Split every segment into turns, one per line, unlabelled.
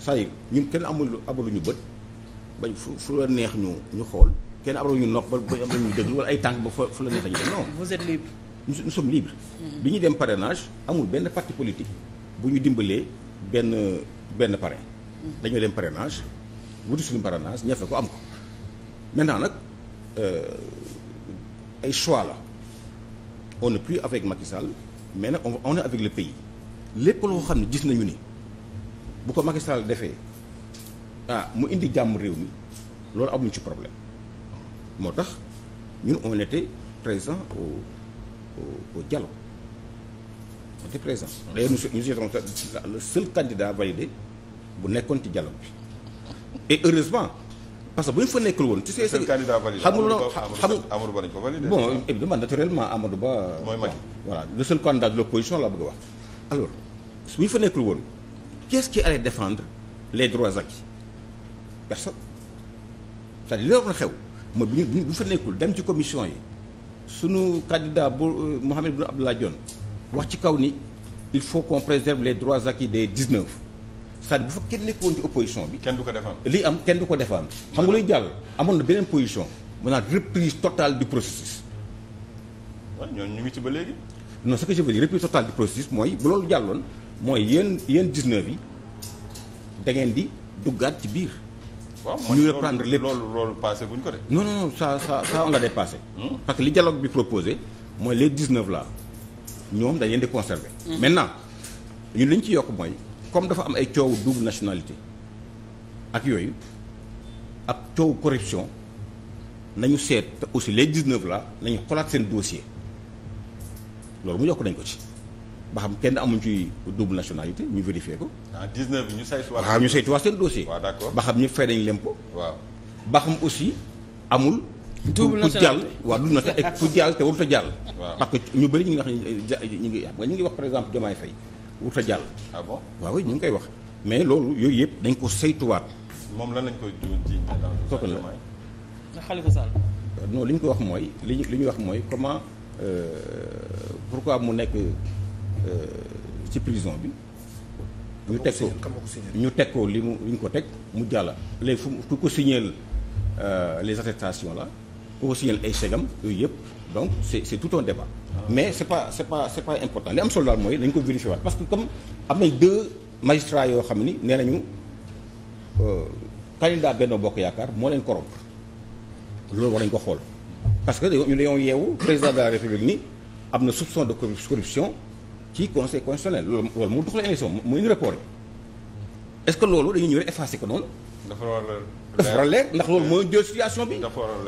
cest ñu kenn amul abaluñu bët bañ fu fu la neex ñu ñu xool kenn abaluñu nopp ba bañ am ñu déglu wala ay tànk ba fu la neex ñu dem non. vous êtes libre. Mm-hmm. bi ñuy dem parrainage amul benn parti politique bu ñu dimbalee benn benn parrain. Mm-hmm. dañoo dem parrainage wuti suñu parrainage ñafe ko am ko maintenant nag euh, ay choix la on n'est plus avec Macky Sall mais nag on on est le pays lépp loo xam ne gis nañu ni. bu ko Macky Sall defee ah mu indi jàmm réew mi loolu amuñ ci problème moo tax ñun on était présent au au au dialogue on était présent. le seul candidat validé bu nekkoon ci dialogue bi et heureusement. parce que bu ñu fa nekkul woon. tu sais c'est candidat validé xam nga Amadou Ba ko validé. bon évidemment naturellement Amadou Ba. mooy voilà le seul candidat de l'opposition laa bëgg a wax. alors bu ñu fa nekkul woon. qui est-ce qui allait les droits acquis personne c'est-à-dire li doon xew mooy bu ñu bu fa nekkul dem ci commission yi sunu candidat bu euh, Mohamed Boun Abdallah Dionne wax ci kaw ni il faut qu'on préserve les droits acquis des 19 c'est-à-dire bu fa kenn nekkoon ci opposition bi. kenn du ko défendre li am kenn du ko défendre. xam nga luy jàll amoon na beneen position maanaam reprise totale du processus. waaw ñooñu ñu ngi ci ba léegi. non reprise totale du processus mooy bu loolu jàlloon. mooy yéen yéen 19 yi da ngeen di duggaat ci biir. waaw ñu reprendre lépp loolu loolu passé buñ ko de. non non non ça saa ça on l'a dépassé. Hmm? parce que li dialogue bi proposé mooy les 19 là ñoom dañ leen di conserver. Hmm. maintenant ñun li ci yokk mooy comme dafa am ay coowu double nationalité ak yooyu ak coowu corruption nañu seet te aussi les 19 là nañu xolaat seen dossier loolu mu yokk dañ ko ci. ba xam kenn amuñ ci double nationalité ñu vérifié ko. ah 19 bi ñu saytuwaat. waaw ñu saytuwaat seen dossier. waaw d'accord ba xam ñëpp fay nañ lempo. ba xam aussi amul.
double nationalité ku jàll
waaw double nationalité ku jàll te a jàll. waaw parce que ñu bëri ñu ngi wax ñu ngi ngi wax par exemple Diomaye Faye a jàll. ah bon waaw ñu ngi koy wax mais loolu yooyu yëpp dañ ko saytuwaat. moom la nañ koy ji kooku la li ñu ko wax mooy li ñu li ñu wax mooy comment euh, pourquoi mu nekk. ci prison bi. ñu teg ko ñu teg ko li mu li ñu ko teg mu jàll. léegi fu ku ko signeel euh, les attestations la ku ko signeel ay segam yooyu yëpp donc c'est c'est tout un débat. Ah. mais c'est pas c'est pas c'est pas important li am solo mooy dañu ko vérifier waat parce que comme am nañ deux magistrats yoo xam ni nee nañu euh, candidat Benno Bokk Yaakaar moo leen corrompre loolu war nañu ko xool parce que dañoo yeewu président de la république ni am na soupçon de corruption. ci conseil constitutionnel loolu loolu moo doxal élection muy ñu report est-ce que loolu dañuy ñëw rek effacer ko noonu. dafa war a dafa war a leer ndax loolu mooy jël situation bi.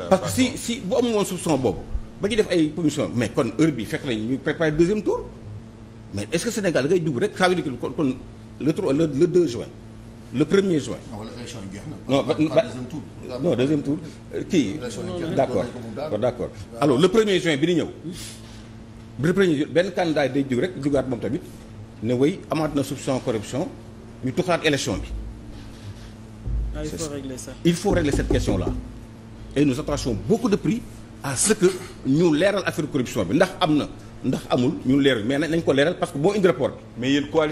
parce que si si bu amul woon soupçon boobu ba ñu def ay commission mais kon heure bi fekk nañ ñu préparer deuxième tour mais est-ce que dugg rek ça veut dire que kon le trois le le deux juin le premier juin. non wala élection jeex na. non ba deuxième tour. non deuxième tour kii d'accord d'accord alors le premier juin bi di ñëw. reprene benn candidat day jóg rek jógaat moom tamit ne way amaat na soupçon corruption ñu tuxaat élection bi ah, il faut régler ça il faut régler cette question là et nous attachons beaucoup de prix à ce que ñu leeral affaire corruption bi ndax am na ndax amul ñu leer mais nañ ko leeral parce que boo indi rapport bi mais yéen